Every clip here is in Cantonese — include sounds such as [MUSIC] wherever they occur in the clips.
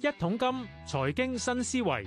一桶金，財經新思維。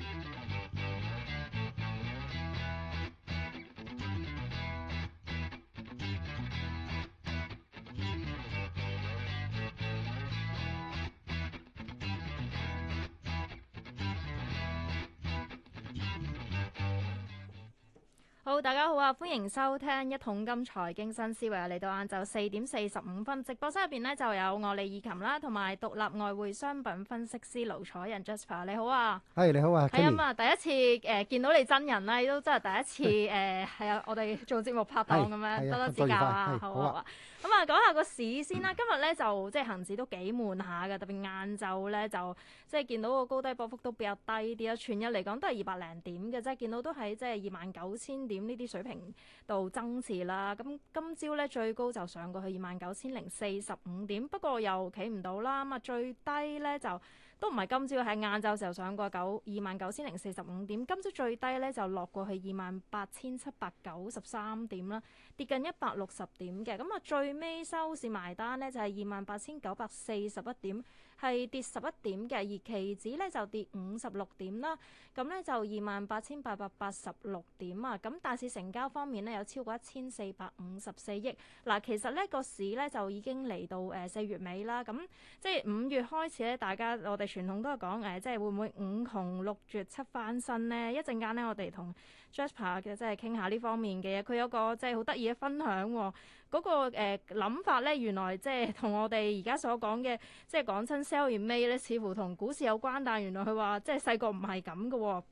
歡迎收聽一桶金財經新思維，嚟到晏晝四點四十五分，直播室入邊咧就有我李以琴啦，同埋獨立外匯商品分析師盧楚仁 Jasper，你好啊，係、hey，你好啊，係啊嘛，第一次誒、呃、見到你真人亦都真係第一次誒，係啊 Hey.、呃，我哋做節目拍檔咁樣，Hey. 多多指教啊，Hey. 好啊。好啊。咁啊，講下個市先啦，啊。今日咧就即係恆指都幾悶下嘅，特別晏晝咧就即係見到個高低波幅都比較低啲啦。全日嚟講都係二百零點嘅即係，見到都喺即係二萬九千點呢啲水平度爭持啦。咁今朝咧最高就上過去二萬九千零四十五點，不過又企唔到啦。咁啊，最低咧就，都唔係今朝，喺晏晝時候上過九二萬九千零四十五點，今朝最低咧就落過去二萬八千七百九十三點啦，跌近一百六十點嘅。咁啊，最尾收市埋單咧就係二萬八千九百四十一點。係跌十一點嘅，而期指咧就跌五十六點啦。咁咧就二萬八千八百八十六點啊。咁但係成交方面咧有超過一千四百五十四億。嗱、啊，其實咧個市咧就已經嚟到誒四、呃、月尾啦。咁即係五月開始咧，大家我哋傳統都係講誒，即係會唔會五窮六絕七翻身咧？一陣間咧我哋同 Jasper 嘅即係傾下呢方面嘅嘢，佢有個即係好得意嘅分享喎、哦。嗰、那個諗、呃、法咧，原來即係同我哋而家所講嘅，即係講親 sell 而賣咧，似乎同股市有關，但原來佢話即係細個唔係咁嘅。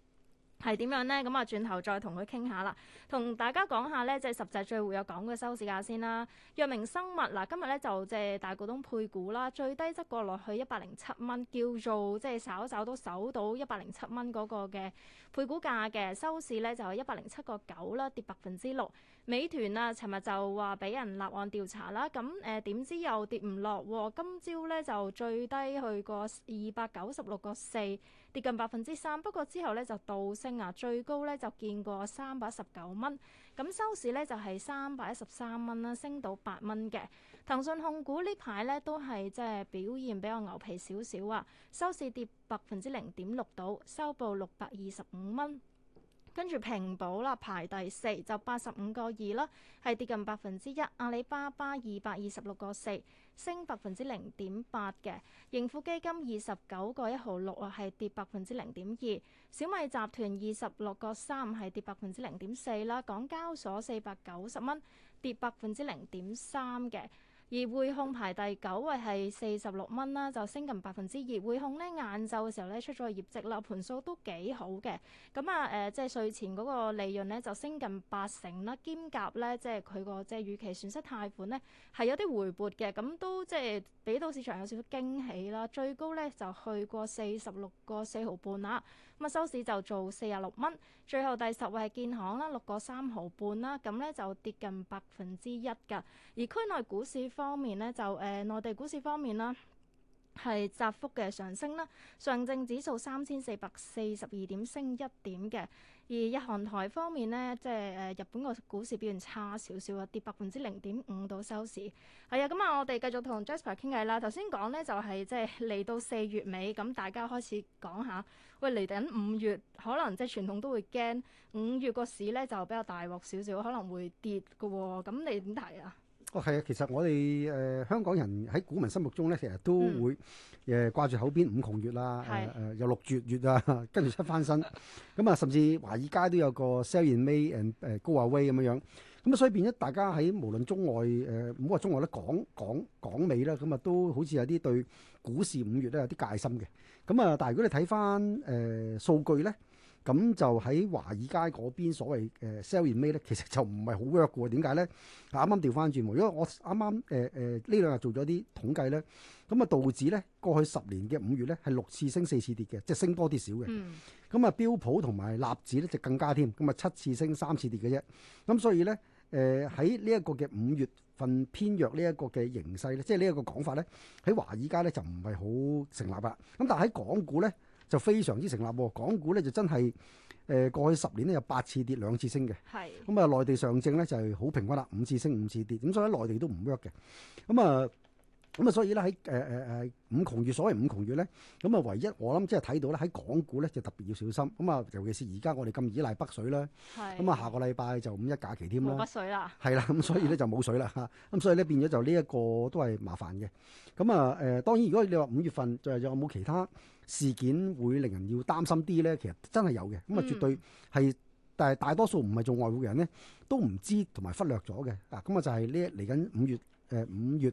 係點樣呢？咁啊，轉頭再同佢傾下啦。同大家講下呢，即係十隻最活躍講嘅收市價先啦。藥明生物嗱，今日呢就即大股東配股啦，最低則過落去一百零七蚊，叫做即係稍稍都守到一百零七蚊嗰個嘅配股價嘅收市呢，就係一百零七個九啦，跌百分之六。美團啊，尋日就話俾人立案調查啦，咁誒點知又跌唔落喎？今朝咧就最低去過二百九十六個四，跌近百分之三。不過之後咧就倒升啊，最高咧就見過三百一十九蚊，咁收市咧就係三百一十三蚊啦，升到八蚊嘅。騰訊控股呢排咧都係即係表現比較牛皮少少啊，收市跌百分之零點六度，收報六百二十五蚊。跟住平保啦排第四，就八十五個二啦，係跌近百分之一。阿里巴巴二百二十六個四，升百分之零點八嘅。盈富基金二十九個一毫六啊，係跌百分之零點二。小米集團二十六個三，係跌百分之零點四啦。港交所四百九十蚊，跌百分之零點三嘅。而匯控排第九位係四十六蚊啦，就升近百分之二。匯控咧晏晝嘅時候咧出咗業績啦，盤數都幾好嘅。咁啊誒，即係稅前嗰個利潤咧就升近八成啦，兼夾咧即係佢個即係預期損失貸款咧係有啲回撥嘅，咁都即係俾到市場有少少驚喜啦。最高咧就去過四十六個四毫半啦。咁收市就做四十六蚊，最後第十位係建行啦，六個三毫半啦，咁咧就跌近百分之一㗎。而區內股市方面咧，就誒、呃、內地股市方面啦，係窄幅嘅上升啦，上證指數三千四百四十二點，升點，升一點嘅。而日韓台方面咧，即係誒、呃、日本個股市表現差少少啊，跌百分之零點五到收市。係啊，咁啊，我哋繼續同 Jasper 傾偈啦。頭先講咧就係、是、即係嚟到四月尾，咁大家開始講下喂嚟緊五月，可能即係傳統都會驚五月個市咧就比較大鑊少少，可能會跌㗎喎。咁你點睇啊？哦，係啊！其實我哋誒、呃、香港人喺股民心目中咧，其實都會誒、嗯、掛住口邊五窮月啦、啊，誒誒是的、呃、又六絕月啊，跟住七翻身咁啊、嗯，甚至華爾街都有個 sell in May and 誒誒 go away 咁樣樣咁啊，所以變咗大家喺無論中外誒，唔好話中外啦，港港港美啦，咁、嗯、啊都好似有啲對股市五月咧有啲戒心嘅咁啊。但係如果你睇翻誒數據咧。咁就喺華爾街嗰邊所謂誒 sell in May 咧，呃、made，其實就唔係好 work 嘅喎。點解咧？啱啱調翻轉，如果我啱啱誒誒呢兩日做咗啲統計咧。咁啊道指咧過去十年嘅五月咧係六次升四次跌嘅，即係升多啲少嘅。咁啊、嗯、標普同埋納指咧就更加添，咁啊七次升三次跌嘅啫。咁所以咧誒喺呢一、呃、個嘅五月份偏弱呢一個嘅形勢咧，即係呢一個講法咧喺華爾街咧就唔係好成立啦。咁但係喺港股咧。就非常之成立喎、啊。港股咧就真係誒、呃、過去十年咧有八次跌兩次升嘅。係咁啊，內、嗯、地上證咧就係、是、好平均啦，五次升五次跌。咁所以內地都唔 work 嘅。咁啊咁啊，所以咧喺誒誒誒五窮月所謂五窮月咧，咁、嗯、啊唯一我諗即係睇到咧喺港股咧就特別要小心咁啊、嗯，尤其是而家我哋咁依賴北水啦。係咁啊，下個禮拜就五一假期添啦。冇北水啦。係啦，咁、嗯、所以咧就冇水啦嚇。咁 [LAUGHS] 所以咧變咗就呢一個都係麻煩嘅。咁啊誒，當然如果你話五月份就再有冇其他事件會令人要擔心啲咧，其實真係有嘅，咁啊絕對係，嗯、但係大多數唔係做外匯嘅人咧，都唔知同埋忽略咗嘅。啊，咁啊就係呢嚟緊五月誒、呃、五月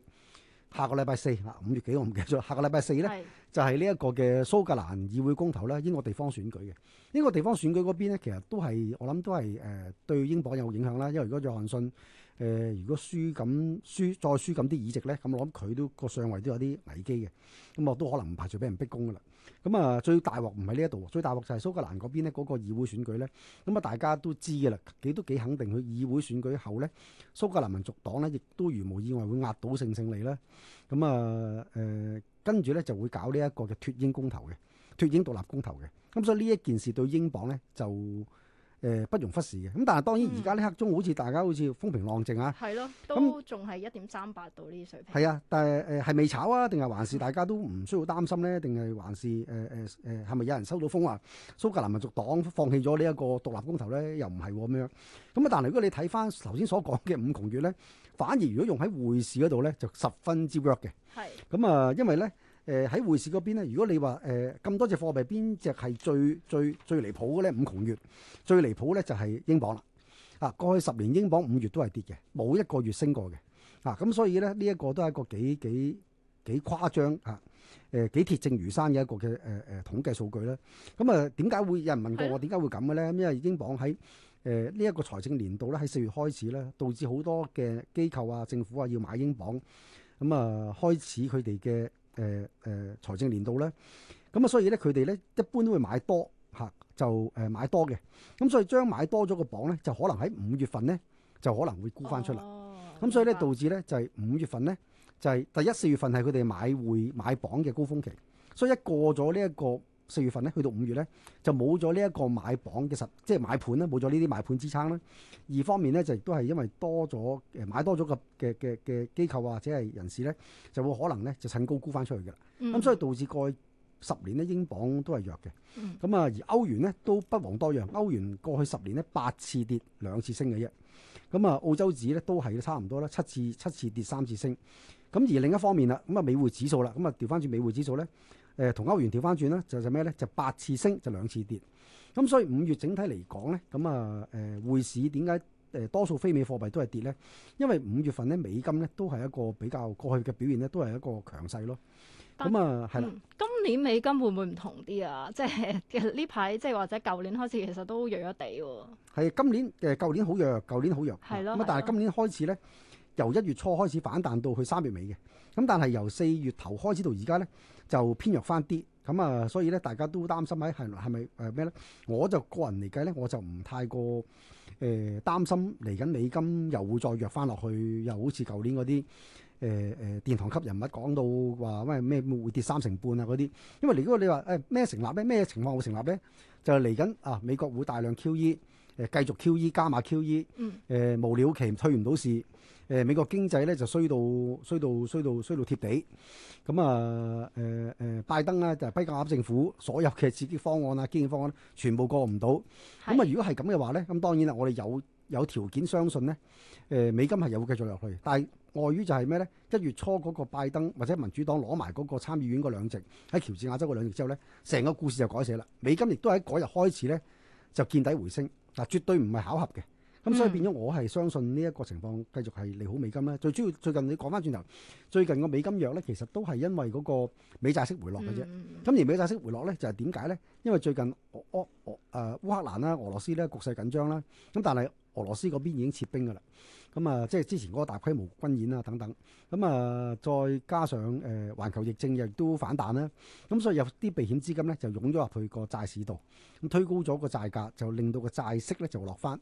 下個禮拜四嚇、啊，五月幾我唔記得咗。下個禮拜四咧，是的 就係呢一個嘅蘇格蘭議會公投咧，英國地方選舉嘅。英國地方選舉嗰邊咧，其實都係我諗都係誒、呃、對英國有影響啦。因為如果約翰遜誒、呃、如果輸咁輸再輸咁啲議席咧，咁我諗佢都個上位都有啲危機嘅，咁我都可能唔排除俾人逼宮噶啦。咁啊，最大鑊唔喺呢一度，最大鑊就係蘇格蘭嗰邊咧，嗰個議會選舉咧，咁啊，大家都知嘅啦，幾都幾肯定佢議會選舉後咧，蘇格蘭民族黨咧，亦都如無意外會壓倒性勝，勝利啦。咁啊，誒，跟住咧就會搞呢一個嘅脫英公投嘅，脫英獨立公投嘅。咁所以呢一件事對英鎊咧就。誒、呃、不容忽視嘅。咁，但係當然而家呢刻鐘好似大家好似風平浪靜啊，係咯、嗯，都仲係一點三八度呢啲水平係啊，但係誒係未炒啊，定係還是大家都唔需要擔心咧？定係還是誒誒誒係咪有人收到風話蘇格蘭民族黨放棄咗呢一個獨立公投咧？又唔係咁樣咁啊？但係如果你睇翻頭先所講嘅五窮月咧，反而如果用喺匯市嗰度咧，就十分之 work 嘅係咁啊，因為咧。誒喺、呃、匯市嗰邊咧，如果你話誒咁多隻貨幣邊隻係最最最離譜嘅咧？五窮月最離譜咧就係英鎊啦。啊，過去十年英鎊五月都係跌嘅，冇一個月升過嘅。啊，咁所以咧呢、這個、一個都係、啊、一個幾幾幾誇張嚇誒幾鐵證如山嘅一個嘅誒誒統計數據啦。咁啊，點解會有人問過我點解會咁嘅咧？因為英鎊喺誒呢一個財政年度咧喺四月開始咧，導致好多嘅機構啊、政府啊要買英鎊，咁啊開始佢哋嘅。誒誒、呃、財政年度咧，咁啊所以咧佢哋咧一般都會買多嚇、啊，就誒買多嘅，咁、嗯、所以將買多咗個榜咧，就可能喺五月份咧就可能會沽翻出嚟，咁、哦、所以咧白導致咧就係、是、五月份咧就係、是、第一四月份係佢哋買匯買榜嘅高峰期，所以一過咗呢一個。四月份咧，去到五月咧，就冇咗呢一個買榜嘅實，即係買盤咧，冇咗呢啲買盤支撐啦。二方面咧，就亦都係因為多咗誒買多咗個嘅嘅嘅機構或者係人士咧，就會可能咧就趁高沽翻出去嘅啦。咁、嗯啊、所以導致過去十年咧，英鎊都係弱嘅。咁啊、嗯，而歐元咧都不遑多讓，歐元過去十年咧八次跌兩次升嘅啫。咁啊，澳洲紙咧都係差唔多啦，七次七次跌三次升。咁而另一方面啦，咁啊美匯指數啦，咁啊調翻轉美匯指數咧，誒、呃、同歐元調翻轉咧，就係咩咧？就八、是、次升就兩、是、次跌。咁所以五月整體嚟講咧，咁啊誒匯市點解誒多數非美貨幣都係跌咧？因為五月份咧美金咧都係一個比較過去嘅表現咧，都係一個強勢咯。咁是啊係啦、嗯。今年美金會唔會唔同啲啊？即係呢排即係或者舊年開始其實都弱咗啲喎。係，今年誒舊年好弱，舊年好弱。係咯。咁但係今年開始咧。1 由一月初開始反彈到去三月尾嘅，咁但係由四月頭開始到而家咧就偏弱翻啲，咁啊，所以咧大家都擔心喺係係咪誒咩咧？我就個人嚟計咧，我就唔太過誒、呃、擔心嚟緊美金又會再弱翻落去，又好似舊年嗰啲誒誒殿堂級人物講到話咩咩會跌三成半啊嗰啲，因為如果你話誒咩成立咧，咩情況會成立咧，就係嚟緊啊美國會大量 QE。誒繼續 QE 加碼 QE，誒、嗯呃、無了期推唔到市，誒、呃、美國經濟咧就衰到衰到衰到衰到貼地，咁啊誒誒拜登咧就批、是、架政府所有嘅刺激方案啊、基建方案全部過唔到，咁啊是、呃、如果係咁嘅話咧，咁當然啦，我哋有有條件相信咧，誒、呃、美金係有會繼續落去，但係礙於就係咩咧？一月初嗰個拜登或者民主黨攞埋嗰個參議院嗰兩席喺喬治亞州嗰兩席之後咧，成個故事就改寫啦，美金亦都喺嗰日開始咧。就見底回升，嗱絕對唔係巧合嘅，咁所以變咗我係相信呢一個情況繼續係利好美金啦。最主要最近你講翻轉頭，最近個美金弱咧，其實都係因為嗰個美債息回落嘅啫。咁、嗯、而美債息回落咧，就係點解咧？因為最近俄俄誒烏克蘭啦、俄羅斯咧，局勢緊張啦，咁但係俄羅斯嗰邊已經撤兵噶啦。咁啊、嗯，即係之前嗰個大規模軍演啊，等等，咁、嗯、啊、嗯，再加上誒、呃、環球疫症亦都反彈啦，咁、嗯、所以有啲避險資金咧就湧咗入去個債市度，咁、嗯、推高咗個債價，就令到個債息咧就落翻。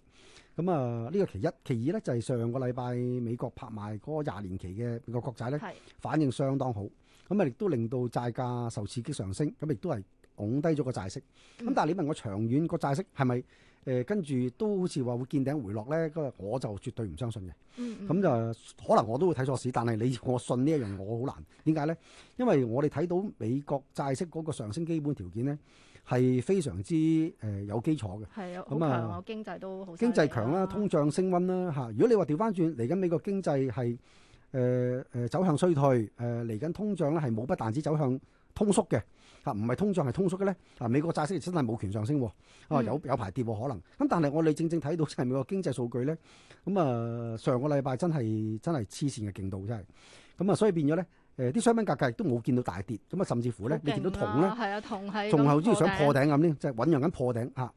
咁、嗯、啊，呢、嗯這個其一，其二咧就係、是、上個禮拜美國拍賣嗰廿年期嘅美國國債咧，是反應相當好，咁啊亦都令到債價受刺激上升，咁、嗯、亦都係。拱低咗個債息，咁但係你問我長遠個債息係咪誒跟住都好似話會見頂回落咧？個我就絕對唔相信嘅。咁、嗯嗯、就可能我都會睇錯市，但係你我信呢一樣我好難。點解咧？因為我哋睇到美國債息嗰個上升基本條件咧，係非常之誒、呃、有基礎嘅。係啊，咁、嗯、啊，經濟都、啊、經濟強啦，通脹升温啦吓。如果你話調翻轉嚟緊，美國經濟係誒誒走向衰退，誒嚟緊通脹咧係冇不但止走向通縮嘅。啊，唔係通脹係通縮嘅咧。啊，美國債息真係冇權上升，啊、嗯、有有,有排跌可能。咁但係我哋正正睇到係美國經濟數據咧，咁、嗯、啊上個禮拜真係真係黐線嘅勁度真係。咁、嗯、啊所以變咗咧，誒、呃、啲商品價格亦都冇見到大跌，咁啊甚至乎咧、啊、你見到銅咧，係啊銅係，仲係好似想破頂咁咧，即係醞釀緊破頂嚇。咁、嗯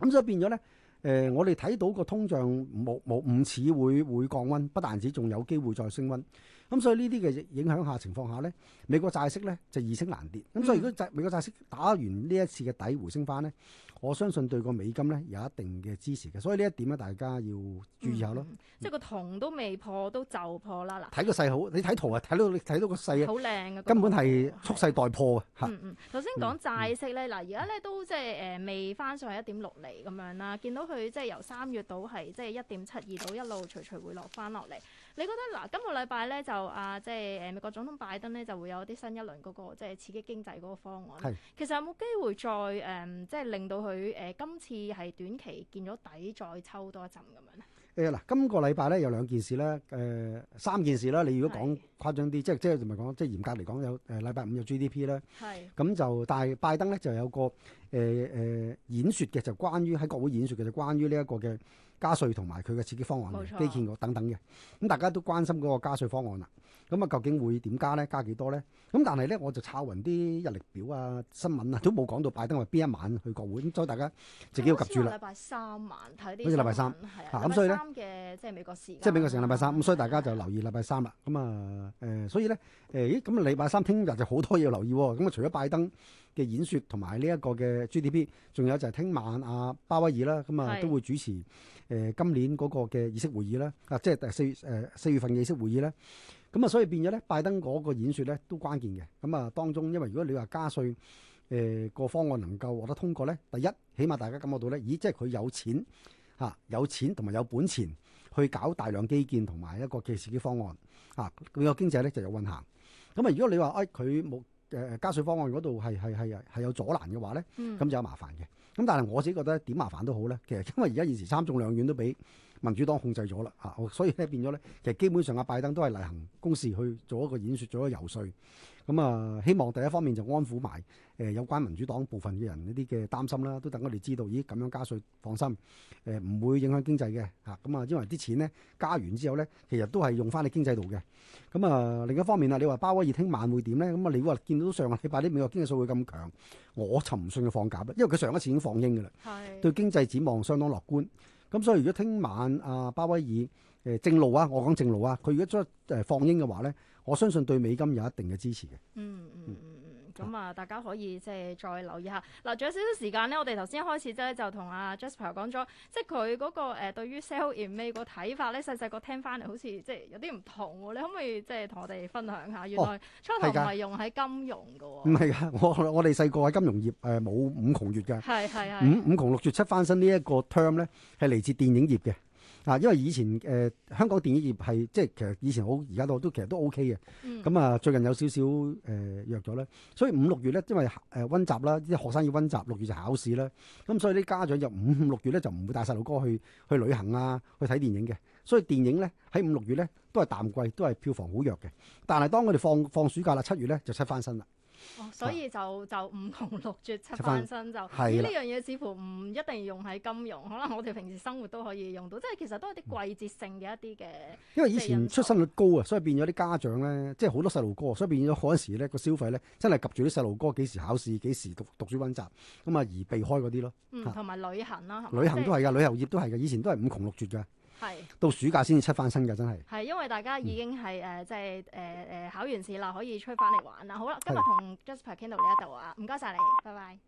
嗯、所以變咗咧，誒、呃、我哋睇到個通脹冇冇唔似會會降温，不但止仲有機會再升温。咁所以呢啲嘅影響下情況下咧，美國債息咧就易升難跌。咁所以如果債美國債息打完呢一次嘅底回升翻咧，我相信對個美金咧有一定嘅支持嘅。所以呢一點咧，大家要注意下咯。嗯嗯嗯、即係個銅都未破，都就破啦。嗱，睇個勢好，你睇圖啊，睇到睇到個勢。好靚啊！嗯、根本係蓄勢待破啊、嗯！嗯嗯，頭先講債息咧，嗱，而家咧都即係誒未翻上一點六厘咁樣啦，見到佢即係由三月到係即係一點七二到一路徐徐回落翻落嚟。你覺得嗱，今個禮拜咧就啊，即係誒美國總統拜登咧就會有啲新一輪嗰個即係刺激經濟嗰個方案咧。其實有冇機會再誒，即係令到佢誒今次係短期見咗底，再抽多一陣咁樣咧？誒嗱，今個禮拜咧有兩件事咧，誒三件事啦。你如果講誇張啲，即係即係唔係講，即係嚴格嚟講有誒禮拜五有 GDP 咧。係咁就，但係拜登咧就有個誒誒演説嘅，就關於喺國會演説嘅，就關於呢一個嘅。加稅同埋佢嘅刺激方案、啊、基建局等等嘅，咁大家都關心嗰個加稅方案啦。咁啊，究竟會點加咧？加幾多咧？咁但係咧，我就炒勻啲日曆表啊、新聞啊，都冇講到拜登係邊一晚去國會。咁所以大家自己要及住啦。千禮拜三晚睇啲好似禮拜三，係啊，咁所以咧，即係美國時間、啊啊、即係美國時間禮拜三，咁的所以大家就留意禮拜三啦。咁啊誒、呃，所以咧誒，咁、欸、啊、嗯、禮拜三聽日就好多嘢留意喎。咁啊除咗拜登。嘅演說同埋呢一個嘅 GDP，仲有就係聽晚阿、啊、鮑威爾啦，咁、嗯、啊都會主持誒、呃、今年嗰個嘅議息會議啦，啊即係第四月誒四、呃、月份嘅議息會議咧，咁、嗯、啊所以變咗咧拜登嗰個演說咧都關鍵嘅，咁、嗯、啊當中因為如果你話加稅誒、呃、個方案能夠獲得通過咧，第一起碼大家感覺到咧，咦即係佢有錢吓、啊，有錢同埋有本錢去搞大量基建同埋一個嘅刺激方案，吓佢個經濟咧就有運行，咁啊如果你話誒佢冇。哎誒、呃、加稅方案嗰度係係係係有阻攔嘅話咧，咁就有麻煩嘅。咁但係我自己覺得點麻煩都好咧，其實因為而家現時參眾兩院都俾民主黨控制咗啦嚇，所以咧變咗咧，其實基本上阿拜登都係例行公事去做一個演説，做一個游説。咁啊、嗯，希望第一方面就安撫埋誒有關民主黨部分嘅人一啲嘅擔心啦，都等我哋知道，咦咁樣加稅，放心，誒、呃、唔會影響經濟嘅，嚇咁啊，因為啲錢咧加完之後咧，其實都係用翻喺經濟度嘅。咁、嗯、啊、嗯、另一方面啊，你話鮑威爾聽晚會點咧？咁、嗯、啊，你話見到上個禮拜啲美國經濟數據咁強，我就唔信佢放假，因為佢上一次已經放鷹嘅啦，是對經濟展望相當樂觀。咁、嗯、所以如果聽晚阿、啊、鮑威爾，誒正路啊，我講正路啊，佢如果出誒放英嘅話咧，我相信對美金有一定嘅支持嘅、嗯。嗯嗯嗯嗯，咁、嗯、啊，嗯嗯、大家可以即係再留意下。嗱，仲有少少時間咧，我哋頭先一開始即就同阿 Jasper 講咗，即係佢嗰個誒對於 sell a make 睇法咧，細細個聽翻嚟好似即係有啲唔同喎。你可唔可以即係同我哋分享下？原來初頭唔係用喺金融嘅喎、哦。唔係啊，我我哋細個喺金融業誒冇、呃、五窮月㗎。係係係。五五窮六絕七,七翻身呢一個 term 咧，係嚟自電影業嘅。啊，因為以前誒、呃、香港電影業係即係其實以前好，而家都都其實都 OK 嘅。咁啊、嗯嗯，最近有少少誒、呃、弱咗啦。所以五六月咧，因為誒溫習啦，啲學生要溫習，六月就考試啦。咁所以啲家長就五六月咧就唔會帶細路哥去去旅行啊，去睇電影嘅。所以電影咧喺五六月咧都係淡季，都係票房好弱嘅。但係當我哋放放暑假啦，月呢七月咧就七翻身啦。哦，所以就就五窮六絕七番翻身就，所以呢樣嘢似乎唔一定要用喺金融，可能我哋平時生活都可以用到，即係其實都係啲季節性嘅一啲嘅。因為以前出生率高啊、嗯，所以變咗啲家長咧，即係好多細路哥，所以變咗嗰陣時咧個消費咧真係及住啲細路哥幾時考試，幾時讀幾時讀書温習，咁啊而避開嗰啲咯。嗯，同埋旅行啦，旅行都係噶，是旅遊業都係噶，以前都係五窮六絕噶。係，是到暑假先至出翻身㗎，真係。係因為大家已經係誒，即係誒誒考完試啦，可以出翻嚟玩啦。好啦，今日同 Jasper 傾到呢一度啊，唔該晒你，拜拜。